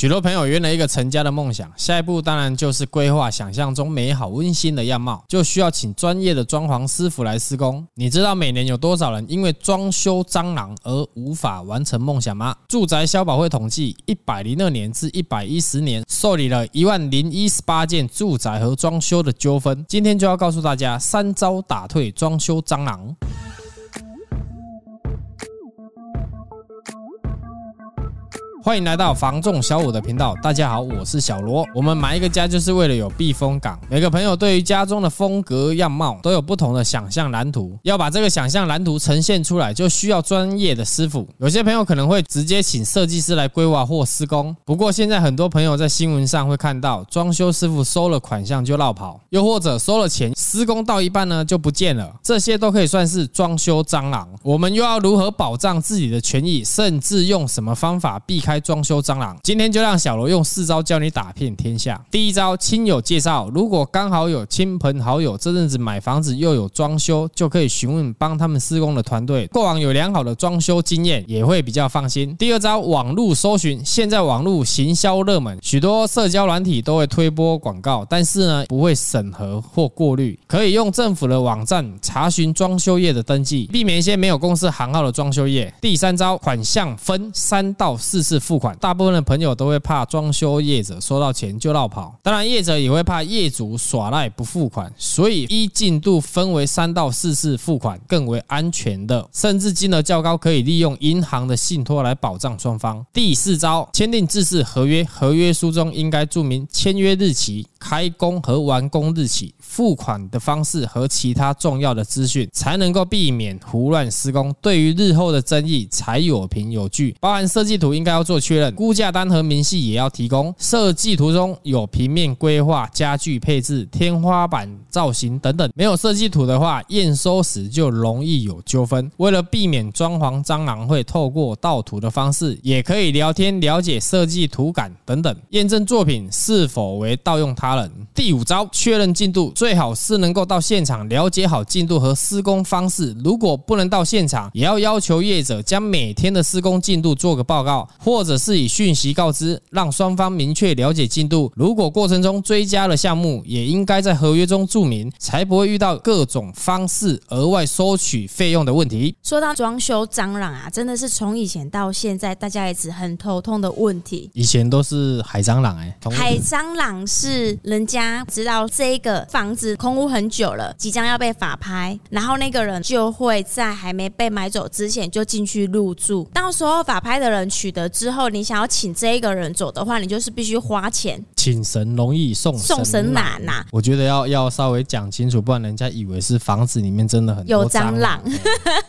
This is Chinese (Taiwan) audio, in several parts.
許多朋友圓了一個成家的夢想，下一步當然就是規劃想象中美好溫馨的樣貌，就需要請專業的裝潢師傅來施工。你知道每年有多少人因為裝修蟑螂而無法完成夢想嗎？住宅消保會統計，一百零二年至一百一十年受理了一萬零一十八件住宅和裝修的糾紛。今天就要告訴大家三招打退裝修蟑螂。歡迎來到房仲小武的頻道，大家好，我是小羅。我們買一個家就是為了有避風港。每個朋友對於家中的風格樣貌都有不同的想象藍圖，要把這個想象藍圖呈現出來，就需要專業的師傅。有些朋友可能會直接請設計師來規劃或施工，不過現在很多朋友在新聞上會看到，裝修師傅收了款項就落跑，又或者收了錢施工到一半呢就不見了，這些都可以算是裝修蟑螂。我們又要如何保障自己的權益，甚至用什麼方法避開？開裝修蟑螂，今天就讓小武用四招教你打遍天下。第一招，親友介紹。如果剛好有親朋好友這陣子買房子又有裝修，就可以詢問幫他們施工的團隊，過往有良好的裝修經驗，也會比較放心。第二招，網絡搜尋。現在網絡行銷熱門，許多社交軟體都會推播廣告，但是呢，不會審核或過濾，可以用政府的網站查詢裝修業的登記，避免一些沒有公司行號的裝修業。第三招，款項分三到四次。付款，大部分的朋友都會怕裝修業者收到錢就落跑，當然業者也會怕業主耍賴不付款，所以依進度分為三到四次付款更為安全的，甚至金額較高可以利用銀行的信託來保障雙方。第四招，簽訂制式合約，合約書中應該注明簽約日期、開工和完工日期、付款的方式和其他重要的資訊，才能夠避免胡亂施工，對於日後的爭議才有憑有據，包含設計圖應該要。做確認，估價單和明細也要提供。設計圖中有平面規劃、家具配置、天花板造型等等。沒有設計圖的話，驗收時就容易有糾紛。為了避免裝潢蟑螂會透過盜圖的方式，也可以聊天了解設計圖感等等，驗證作品是否為盜用他人。第五招，確認進度，最好是能夠到現場了解好進度和施工方式。如果不能到現場，也要要求業者將每天的施工進度做個報告或。或者是以訊息告知，讓雙方明確了解進度。如果過程中追加了項目，也應該在合約中注明，才不會遇到各種方式額外收取費用的問題。說到裝修蟑螂啊，真的是從以前到現在，大家一直很頭痛的問題。以前都是海蟑螂、欸，哎，海蟑螂是人家知道這個房子空屋很久了，即將要被法拍，然後那個人就會在還沒被買走之前就進去入住，到時候法拍的人取得之後。之後，你想要請這一個人走的話，你就是必須花錢。請神容易，送神送神難吶。我覺得要要稍微講清楚，不然人家以為是房子裡面真的很多有蟑螂，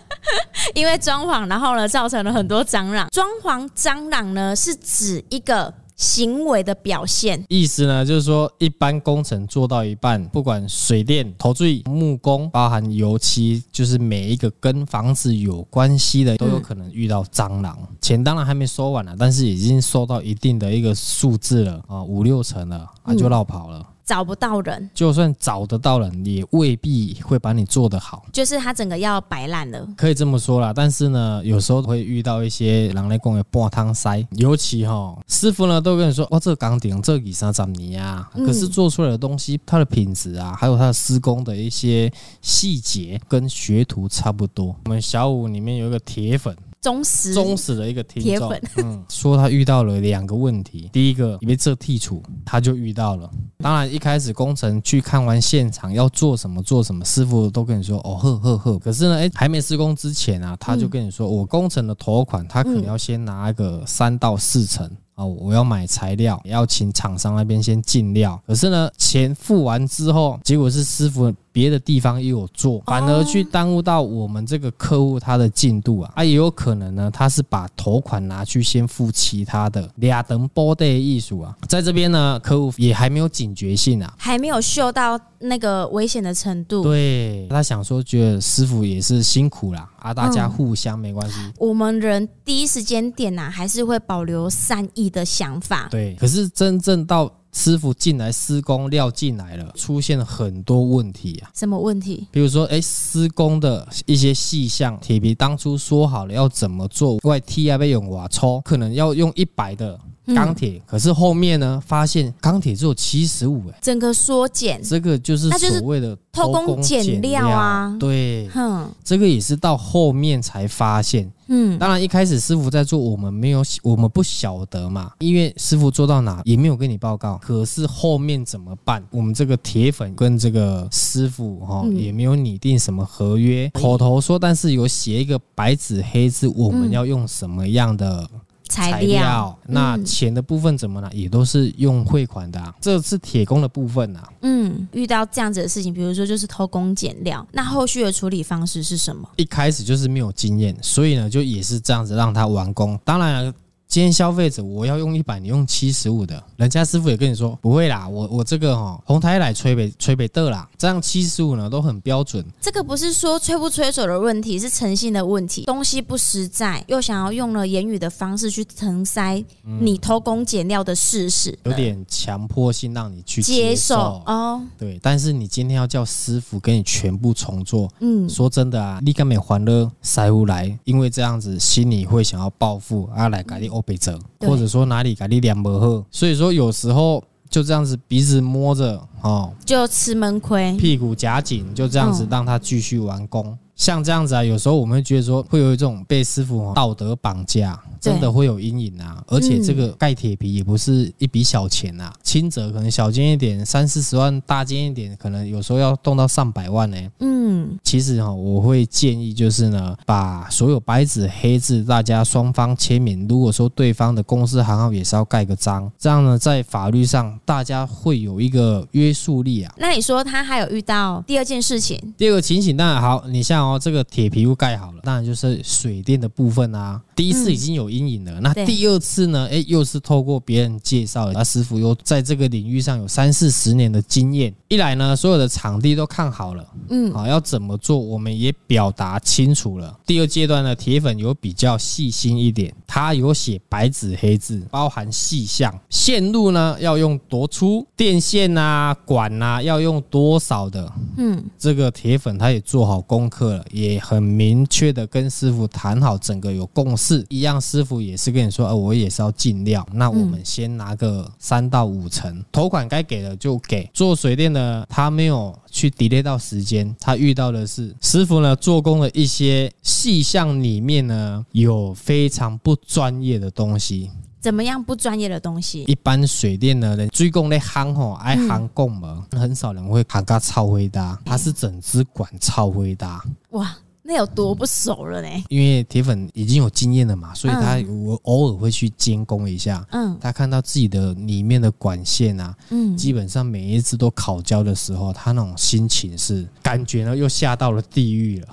因為裝潢，然後呢造成了很多蟑螂。裝潢蟑螂呢是指一個。行為的表現，意思呢，就是說，一般工程做到一半，不管水電、土水、木工，包含油漆，就是每一個跟房子有關係的，都有可能遇到蟑螂。錢、嗯、當然還沒收完呢，但是已經收到一定的一個數字了啊，五六成了啊，就落跑了。嗯。找不到人，就算找得到人，也未必會把你做得好。就是他整個要擺爛了，可以這麼說啦。但是呢，有時候會遇到一些人來工的半湯塞，尤其哈、哦、師傅呢都跟你說，哦，這鋼頂這二三十年啊，嗯、可是做出來的東西，它的品質啊，還有它的施工的一些細節，跟學徒差不多。我們小武裡面有一個鐵粉。忠實忠實的一個聽眾鐵粉、嗯，說他遇到了兩個問題。第一個，因為這剔除，他就遇到了。當然，一開始工程去看完現場要做什麼做什麼，師傅都跟你說，哦，呵呵呵。可是呢，誒，還沒施工之前啊，他就跟你說，嗯、我工程的頭款他可能要先拿一個三到四成、嗯、啊，我要買材料，要請廠商那邊先進料。可是呢，錢付完之後，結果是師傅。別的地方也有做，反而去耽誤到我們這個客戶他的進度啊！啊，也有可能呢，他是把頭款拿去先付其他的，倆等包的，藝術啊，在這邊呢，客戶也還沒有警覺性啊，還沒有嗅到那個危險的程度。對，他想說，覺得師傅也是辛苦啦，啊，大家互相沒關係、嗯。我們人第一時間點啊，還是會保留善意的想法。對，可是真正到。師傅進來施工，料進來了，出現了很多問題啊！什麼問題？比如說，哎、欸，施工的一些細項，鐵皮當初說好了要怎麼做，外梯啊要用瓦抽，可能要用一百的，鋼鐵，可是後面呢？發現鋼鐵只有七十五哎，整個縮減，這個就是就是所謂的偷工減料，偷工減料啊，對，哼，這個也是到後面才發現，嗯，當然一開始師傅在做，我們沒有，我們不曉得嘛，因為師傅做到哪，也沒有跟你報告。可是後面怎麼辦？我們這個鐵粉跟這個師傅哈、哦嗯、也沒有擬定什麼合約，口頭說，但是有寫一個白紙黑字，我們要用什麼樣的？材料，材料，嗯、那錢的部分怎麼呢？也都是用匯款的，啊。這是鐵工的部分呢，啊？嗯，遇到這樣子的事情，比如說就是偷工減料，那後續的處理方式是什麼？嗯、一開始就是沒有經驗，所以呢，就也是這樣子讓他完工。當然。今天消費者，我要用一百，你用七十五的，人家師傅也跟你說不會啦，我我這個哈、喔、紅台來吹北吹北的啦，這樣七十五呢都很標準。這個不是說吹不吹手的問題，是誠信的問題，東西不實在，又想要用了言語的方式去搪塞你偷工減料的事實的、嗯，有點強迫性讓你去接受，接受哦。對，但是你今天要叫師傅給你全部重做。嗯，說真的啊，你根沒還了塞烏來，因為這樣子心裡會想要報復啊來改喱被或者說哪裡給你兩百克，所以說有時候就這樣子鼻子摸着哦，就吃悶虧，屁股夾緊，就這樣子讓他繼續完工。像這樣子啊，有時候我們會覺得說會有一種被師傅道德綁架。真的會有陰影啊，而且這個蓋鐵皮也不是一筆小錢啊，嗯、輕則可能小間一點三四十萬，大間一點可能有時候要動到上百萬呢、欸。嗯，其實哈、哦，我會建議就是呢，把所有白紙黑字大家雙方簽名，如果說對方的公司行號也是要蓋個章，這樣呢在法律上大家會有一個約束力啊。那你說他還有遇到第二件事情？第二個情形當然好，你像哦這個鐵皮又蓋好了，當然就是水電的部分啊，第一次已經有。陰影了，那第二次呢？哎，又是透過別人介紹，那、啊、師傅又在這個領域上有三四十年的經驗。一來呢，所有的場地都看好了，嗯，好，要怎麼做，我們也表達清楚了。第二階段呢，鐵粉有比較細心一點，他有寫白紙黑字，包含細項線路呢，要用多粗電線啊，管啊要用多少的，嗯，這個鐵粉他也做好功課了，也很明確的跟師傅談好，整個有共識，一樣是。師傅也是跟你說，啊、我也是要儘量。那我們先拿個三到五成，嗯、頭款該給的就給。做水電呢，他沒有去 delay 到時間，他遇到的是師傅呢做工的一些細項裡面呢有非常不專業的東西。怎麼樣不專業的東西？一般水電呢，人最共咧憨吼愛憨供嘛，喔嗯、很少人會喊個超會搭，他是整支管超會搭。嗯、哇！有多不熟了呢？因為鐵粉已經有經驗了嘛，所以他我偶爾會去監工一下。嗯，他看到自己的裡面的管線啊，嗯，基本上每一次都烤焦的時候，他那種心情是感覺呢又下到了地獄了。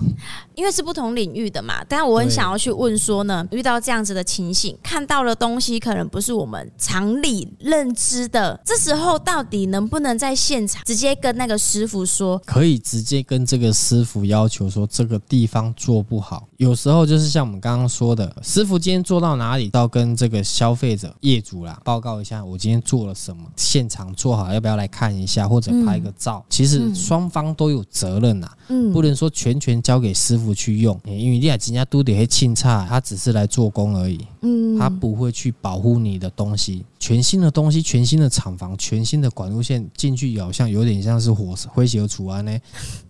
因為是不同領域的嘛，但我很想要去問說呢，遇到這樣子的情形，看到的東西可能不是我們常理認知的，這時候到底能不能在現場直接跟那個師傅說？可以直接跟這個師傅要求說這個地方。方做不好，有時候就是像我們剛剛說的，師傅今天做到哪裡，到跟這個消費者業主啦報告一下，我今天做了什麼，現場做好要不要來看一下，或者拍個照。嗯、其實雙方都有責任吶、啊，嗯、不能說全權交給師傅去用，欸、因為你倆今天都得去清差，他只是來做工而已，嗯、他不會去保護你的東西。全新的東西，全新的廠房，全新的管路線進去，好像有點像是火灰燼和醋安呢，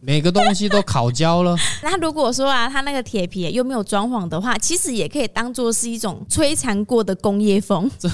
每個東西都烤焦了。那如果如果說啊，他那個鐵皮又沒有裝潢的話，其實也可以當做是一種摧殘過的工業風。這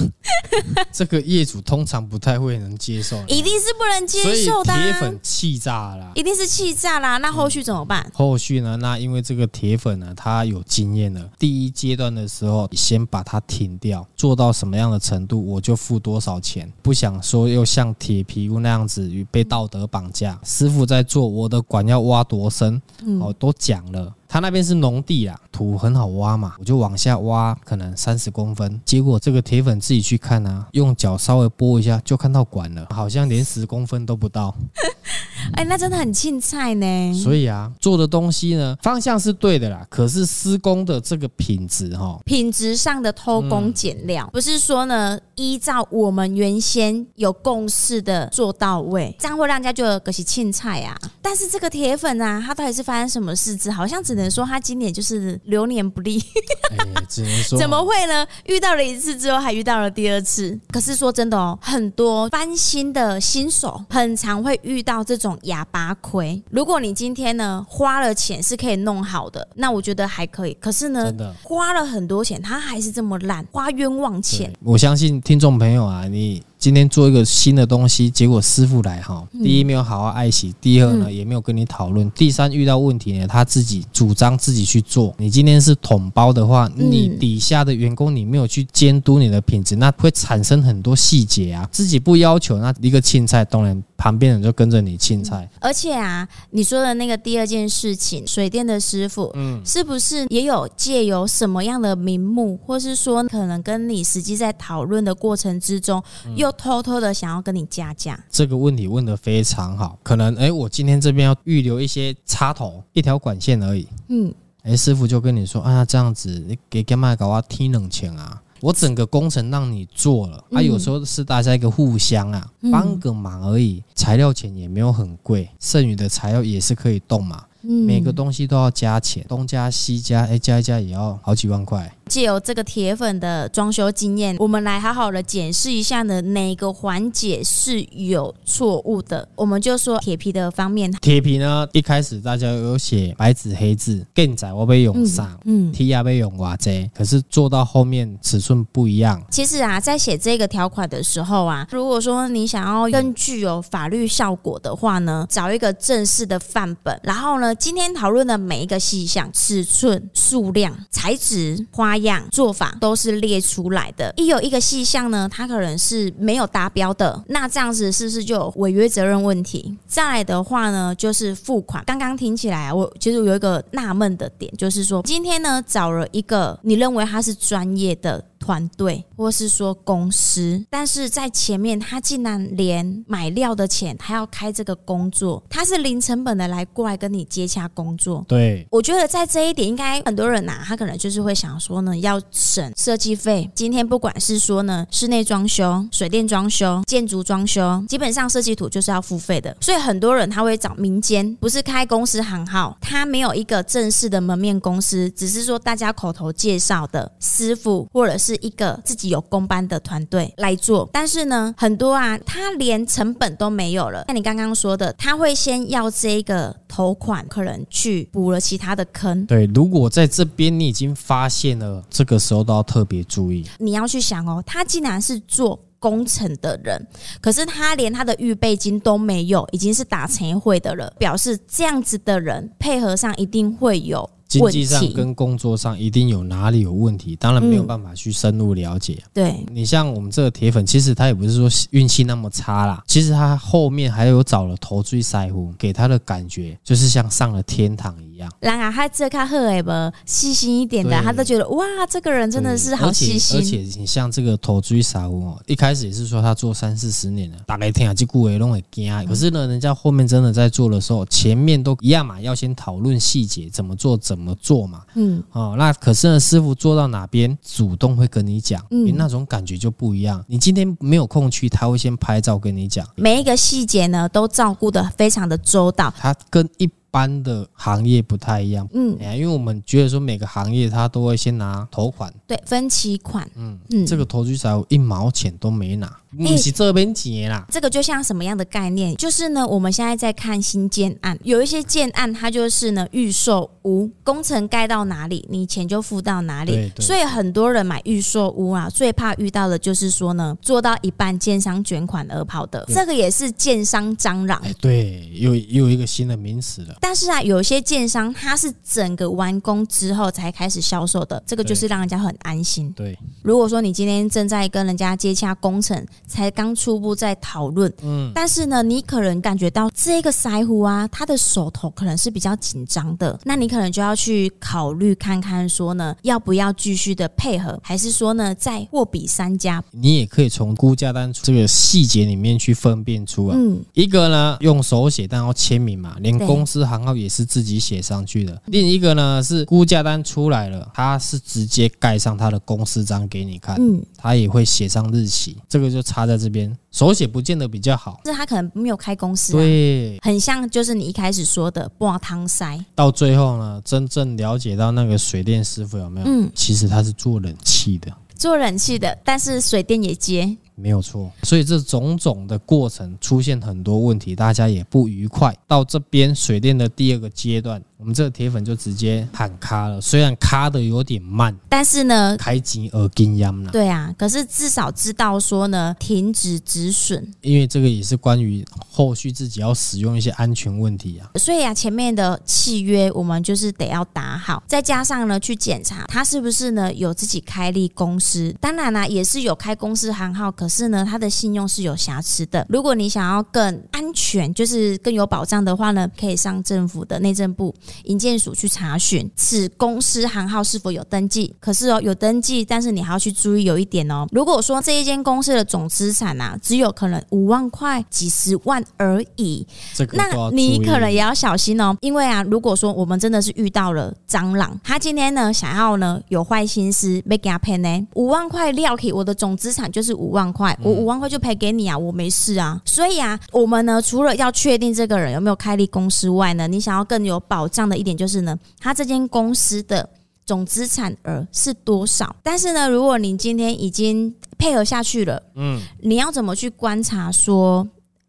這個業主通常不太會能接受，一定是不能接受的、啊。鐵粉氣炸啦，一定是氣炸啦，那後續怎麼辦、嗯？後續呢？那因為這個鐵粉呢，他有經驗了，第一階段的時候先把它停掉，做到什麼樣的程度，我就付多少錢。不想說又像鐵皮屋那樣子，被道德綁架。師傅在做我的管要挖多深，哦、嗯，都講了。他那邊是農地啊，土很好挖嘛，我就往下挖，可能三十公分，結果這個鐵粉自己去看啊，用腳稍微撥一下，就看到管了，好像連十公分都不到。 哎、欸，那真的很青菜呢。所以啊，做的東西呢，方向是對的啦，可是施工的這個品質，齁，品質上的偷工減料，嗯、不是說呢，依照我們原先有共識的做到位，這樣會讓人家覺得可是青菜啊。但是這個鐵粉啊，他到底是發生什麼事？之好像只能說他今年就是流年不利， 欸、怎麼會呢？遇到了一次之後，還遇到了第二次。可是說真的哦，很多翻新的新手，很常會遇到這種。啞巴虧。如果你今天呢，花了錢是可以弄好的，那我覺得還可以。可是呢，真的，花了很多錢，他還是這麼爛，花冤枉錢。我相信聽眾朋友啊，你今天做一個新的東西，結果師傅來哈，嗯、第一沒有好好愛惜，第二呢、嗯、也沒有跟你討論，第三遇到問題呢，他自己主張自己去做。你今天是統包的話，你底下的員工，你沒有去監督你的品質，嗯、那會產生很多細節啊，自己不要求，那一個青菜當然，旁邊人就跟着你青菜、嗯，而且啊，你說的那個第二件事情，水電的師傅，嗯，是不是也有借由什麼樣的名目，或是說可能跟你實際在討論的過程之中，又偷偷的想要跟你加價、嗯？這個問題問得非常好，可能哎，我今天這邊要預留一些插頭，一條管線而已，嗯，哎，師傅就跟你說啊，這樣子你給幹嘛搞挖天冷錢啊。我整個工程讓你做了，他、啊、有時候是大家一個互相啊，幫、嗯、個忙而已，材料錢也沒有很貴，剩餘的材料也是可以動嘛，嗯、每個東西都要加錢，東加西加，哎，加一加也要好幾萬塊。借由這個鐵粉的裝修經驗，我們來好好的檢視一下呢，哪個環節是有錯誤的？我們就說鐵皮的方面，鐵皮呢，一開始大家有寫白紙黑字，更窄我被用上，嗯，t 壓被用瓦遮，可是做到後面尺寸不一樣。其實啊，在寫這個條款的時候啊，如果說你想要更具有法律效果的話呢，找一個正式的範本，然後呢，今天討論的每一個細項、尺寸、數量、材質、花。樣做法都是列出來的。一有一個細項呢，它可能是沒有達標的，那這樣子是不是就違約責任問題？再來的話呢，就是付款。剛剛聽起來，我其實有一個納悶的點，就是說今天呢，找了一個你認為他是專業的。團隊，或是說公司，但是在前面，他竟然連買料的錢，還要開這個工作，他是零成本的來過來跟你接洽工作。對，我覺得在這一點，應該很多人啊，他可能就是會想說呢，要省設計費。今天不管是說呢，室內裝修、水電裝修、建築裝修，基本上設計圖就是要付費的，所以很多人他會找民間，不是開公司行號，他沒有一個正式的門面公司，只是說大家口頭介紹的師傅，或者是。一個自己有工班的團隊來做，但是呢，很多啊，他連成本都沒有了。像你剛剛說的，他會先要這一個頭款，可能去補了其他的坑。對，如果在這邊你已經發現了，這個時候都要特別注意。你要去想哦，他既然是做工程的人，可是他連他的預備金都沒有，已經是打成會的人，表示這樣子的人配合上一定會有。經濟上跟工作上一定有哪裡有問題，當然沒有辦法去深入了解。嗯、對，你像我們這個鐵粉，其實他也不是說運氣那麼差啦，其實他後面還有找了投資腮紅，給他的感覺就是像上了天堂一樣。然而，啊，他只要看他的細心一點的，對他都覺得哇，這個人真的是好細心。而且，而且你像這個土水師傅，哦，一開始也是說他做三四十年了，大家聽下去估計攏會驚。嗯、可是呢，人家後面真的在做的時候，前面都一樣嘛，要先討論細節怎麼做怎麼做嘛。嗯，哦，那可是呢，師傅做到哪邊，主動會跟你講，嗯，那種感覺就不一樣。嗯、你今天沒有空去，他會先拍照跟你講，每一個細節呢，都照顧得非常的周到。他跟一班的行業不太一樣，嗯，因為我們覺得說每個行業他都會先拿頭款，嗯，嗯嗯、對，分期款，嗯，這個投資商一毛錢都沒拿。你是這邊錢的啦，欸？這個就像什麼樣的概念？就是呢，我們現在在看新建案，有一些建案，它就是呢預售屋，工程蓋到哪裡，你錢就付到哪裡。所以很多人買預售屋啊，最怕遇到的就是說呢，做到一半，建商捲款而跑的。對這個也是建商蟑螂，欸。對，有有一個新的名詞了。但是啊，有一些建商它是整個完工之後才開始銷售的，這個就是讓人家很安心。對，對如果說你今天正在跟人家接洽工程，才剛初步在討論，嗯，但是呢，你可能感覺到這個師傅啊，他的手頭可能是比較緊張的，那你可能就要去考慮看看說呢，要不要繼續的配合，還是說呢，再貨比三家？你也可以從估價單這個細節裡面去分辨出啊，嗯、一個呢，用手寫單要簽名嘛，連公司行號也是自己寫上去的；對另一個呢，是估價單出來了，他是直接蓋上他的公司章給你看，嗯，他也會寫上日期，這個就。他在這邊手寫不見得比較好，這他可能沒有開公司，對，很像就是你一開始說的煲湯塞。到最後呢，真正了解到那個水電師傅有沒有？嗯，其實他是做冷氣的，做冷氣的，但是水電也接，沒有錯。所以這種種的過程出現很多問題，大家也不愉快。到這邊水電的第二個階段。我們這個鐵粉就直接喊卡了，雖然卡得有點慢，但是呢，開金而金央了。對啊，可是至少知道說呢，停止止損。因為這個也是關於後續自己要使用一些安全問題啊。所以啊，前面的契約我們就是得要打好，再加上呢，去檢查他是不是呢有自己開立公司。當然呢、啊，也是有開公司行號，可是呢，他的信用是有瑕疵的。如果你想要更安全，就是更有保障的話呢，可以上政府的內政部。營建署去查詢此公司行號是否有登記，可是哦、喔、有登記，但是你還要去注意有一點哦、喔。如果說這一間公司的總資產啊，只有可能五萬塊、幾十萬而已，那你可能也要小心哦、喔。因為啊，如果說我們真的是遇到了蟑螂，他今天呢想要呢有壞心思，make a plan 呢，五萬塊料起，我的總資產就是五萬塊，我五萬塊就賠給你啊，我沒事啊。嗯、所以啊，我們呢除了要確定這個人有沒有開立公司外呢，你想要更有保障。上的一點就是呢，他這間公司的總資產額是多少？但是呢，如果你今天已經配合下去了，嗯，你要怎麼去觀察？說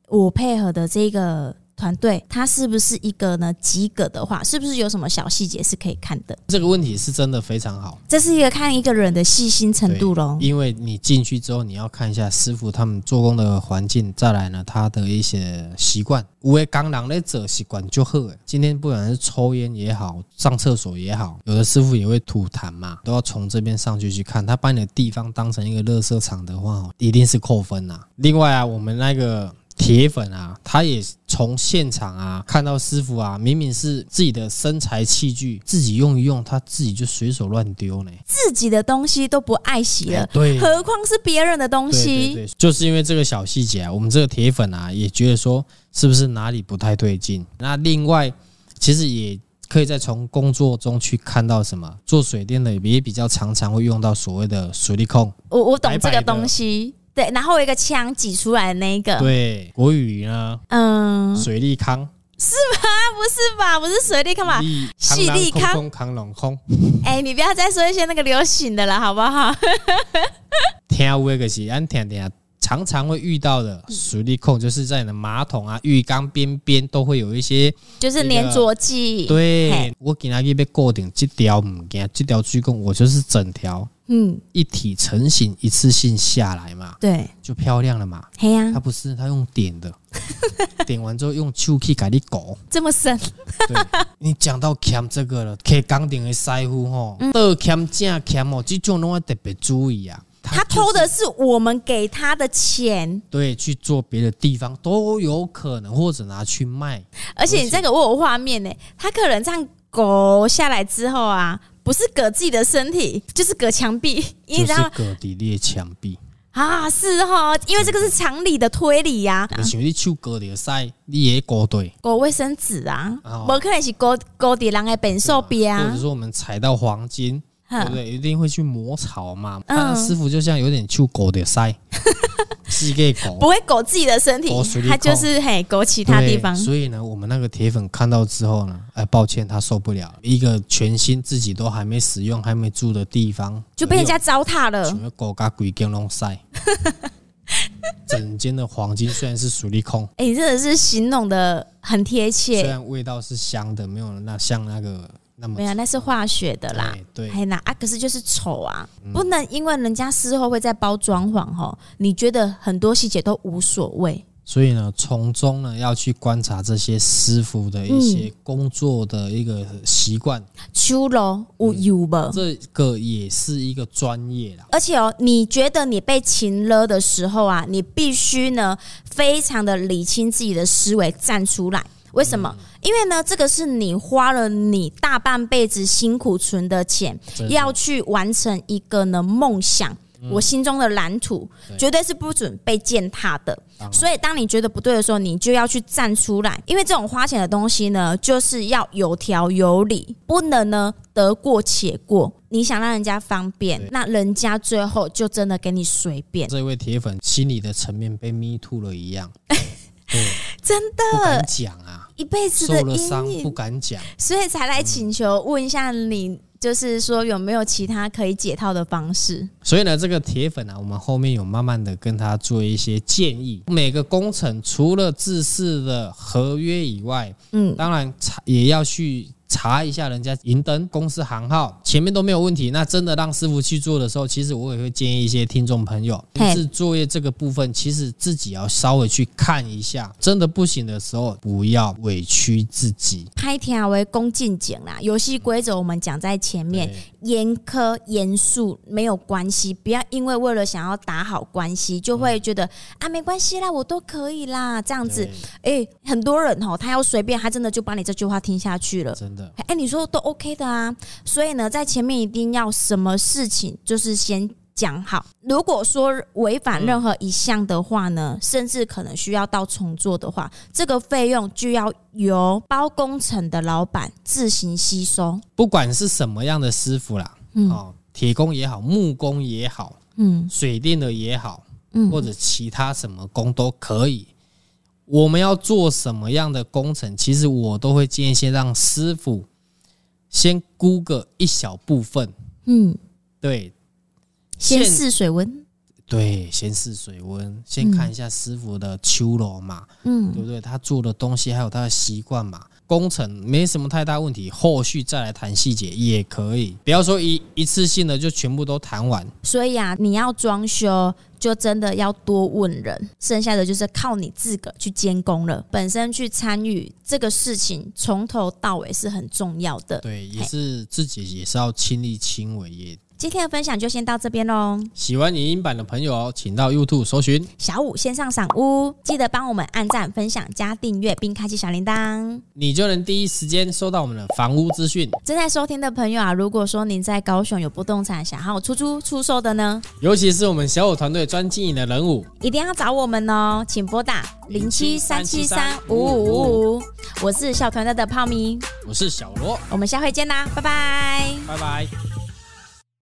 我配合的這個。團隊他是不是一個呢？及格的話，是不是有什麼小細節是可以看的？這個問題是真的非常好。這是一個看一個人的細心程度咯。因為你進去之後，你要看一下師傅他們做工的環境，再來呢，他的一些習慣。因為剛來的者習慣就好，今天不管是抽煙也好，上廁所也好，有的師傅也會吐痰嘛，都要從這邊上去去看。他把你的地方當成一個垃圾場的話，一定是扣分吶。另外啊，我們那個。鐵粉啊，他也從現場啊看到師傅啊，明明是自己的生財器具，自己用一用，他自己就隨手亂丟呢，自己的東西都不愛惜，了，對對對，何況是別人的東西？對，對，對，就是因為這個小細節啊，我們這個鐵粉啊也覺得說，是不是哪裡不太對勁？那另外，其實也可以再從工作中去看到什麼，做水電的也比較常常會用到所謂的水利控，我我懂這個東西。白白對，然後我一個槍擠出來的那一個。對，國語呢？嗯，矽利康是嗎？不是吧？不是矽利康吧？矽利康，康，抗冷空，空。哎、欸，你不要再說一些那個流行的了，好不好？ 聽這個、就是俺聽聽，常常會遇到的矽利康，就是在你的馬桶啊、浴缸邊邊都會有一些，就是粘着劑。對，嘿我給你一杯固定，這條五件，這條鞠躬，我就是整條。嗯，一體成型，一次性下來嘛，對，就漂亮了嘛。嘿呀、啊，他不是他用點的， 點完之後用麼 工具改的狗、嗯，這麼省。你講到撿這個了，可以剛點的師傅哈，多撿正撿哦，這種都要特別注意啊。他，就是、他偷的是我們給他的錢，對，去做別的地方都有可能，或者拿去賣。而且你這個我有畫面呢，他且可能這樣勾下來之後啊。不是割自己的身體，就是割牆壁，因為你知道是割擱地裂牆壁啊，是哈，因為這個是常理的推理呀、啊。你去去割點菜，你也割對。割衛生紙啊，啊哦、不可能是割割地人的便所邊啊。或者說我們踩到黃金。對不哈 對？一定會去磨草嘛。的、嗯、師傅就像有點去狗的腮，自己狗不會狗自己的身體，他就是嘿狗其他地方。所以呢，我們那個鐵粉看到之後呢，哎，抱歉，他受不了，了一個全新自己都還沒使用、還沒住的地方就被人家糟蹋了。什麼狗哈哈哈整間 的黃金雖然是水裡空，哎、欸，真、這、的、個、是形容得很貼切。雖然味道是香的，沒有那像那個。那麼沒有、啊，那是化學的啦。對，還有啊，可是就是醜啊，嗯、不能因為人家事後會再包裝潢吼、喔，你覺得很多細節都無所謂。所以呢，從中呢要去觀察這些師傅的一些工作的一個習慣。修樓、嗯，無、嗯、有吧？這個也是一個專業啦。而且哦、喔，你覺得你被擒了的時候啊，你必須呢非常的理清自己的思維，站出來。為什麼？因為呢，這個是你花了你大半輩子辛苦存的錢，對對對，要去完成一個呢夢想，嗯、我心中的藍圖，對，絕對是不准被踐踏的。當然 所以，當你覺得不對的時候，你就要去站出來。因為這種花錢的東西呢，就是要有條有理，不能呢得過且過。你想讓人家方便，對 那人家最後就真的給你隨便。這位鐵粉心理的層面被迷吐了一樣。 對，真的不敢講啊，一輩子受了傷，不敢講，所以才來請求問一下你，就是說有沒有其他可以解套的方式？嗯，所以呢，這個鐵粉啊，我們後面有慢慢的跟他做一些建議。每個工程除了制式的合約以外，嗯，當然也要去。查一下人家銀燈公司行號，前面都沒有問題。那真的讓師傅去做的時候，其實我也會建議一些聽眾朋友，但是嘿作業這個部分，其實自己要稍微去看一下，真的不行的時候，不要委屈自己。拍條為公進警啦，遊戲規則我們講在前面，對嚴苛嚴肅沒有關係，不要因為為了想要打好關係，就會覺得、嗯、啊，沒關係啦，我都可以啦這樣子，誒對、欸，很多人哦，他要隨便，他真的就把你這句話聽下去了。哎，你說都 OK 的啊，所以呢，在前面一定要什麼事情就是先講好。如果說違反任何一項的話呢，嗯、甚至可能需要到重做的話，這個費用就要由包工程的老闆自行吸收。不管是什麼樣的師傅啦，哦、嗯，鐵工也好，木工也好，嗯，水電的也好，嗯，或者其他什麼工都可以。我們要做什麼樣的工程？其實我都會建議先讓師傅先估個一小部分，嗯，對，先，先試水溫。對，先試水溫，嗯、先看一下師傅的秋羅嘛，嗯，對不對？他做的東西還有他的習慣嘛，工程沒什麼太大問題，後續再來談細節也可以。不要說一一次性的就全部都談完。所以啊，你要裝修，就真的要多問人，剩下的就是靠你自個去監工了。本身去參與這個事情，從頭到尾是很重要的。對，也是嘿自己也是要親力親為也。今天的分享就先到這邊嘍。喜歡影音版的朋友，請到 YouTube 搜尋“小武線上賞屋”。記得幫我們按讚、分享、加訂閱，並開啟小鈴鐺，你就能第一時間收到我們的房屋資訊。正在收聽的朋友啊，如果說您在高雄有不動產想要出租、出售的呢，尤其是我們小武團隊專經營的仁武，一定要找我們哦。請撥打零七三七三五五五五。我是小團隊的泡米，我是小羅，我們下回見啦，拜拜，拜拜。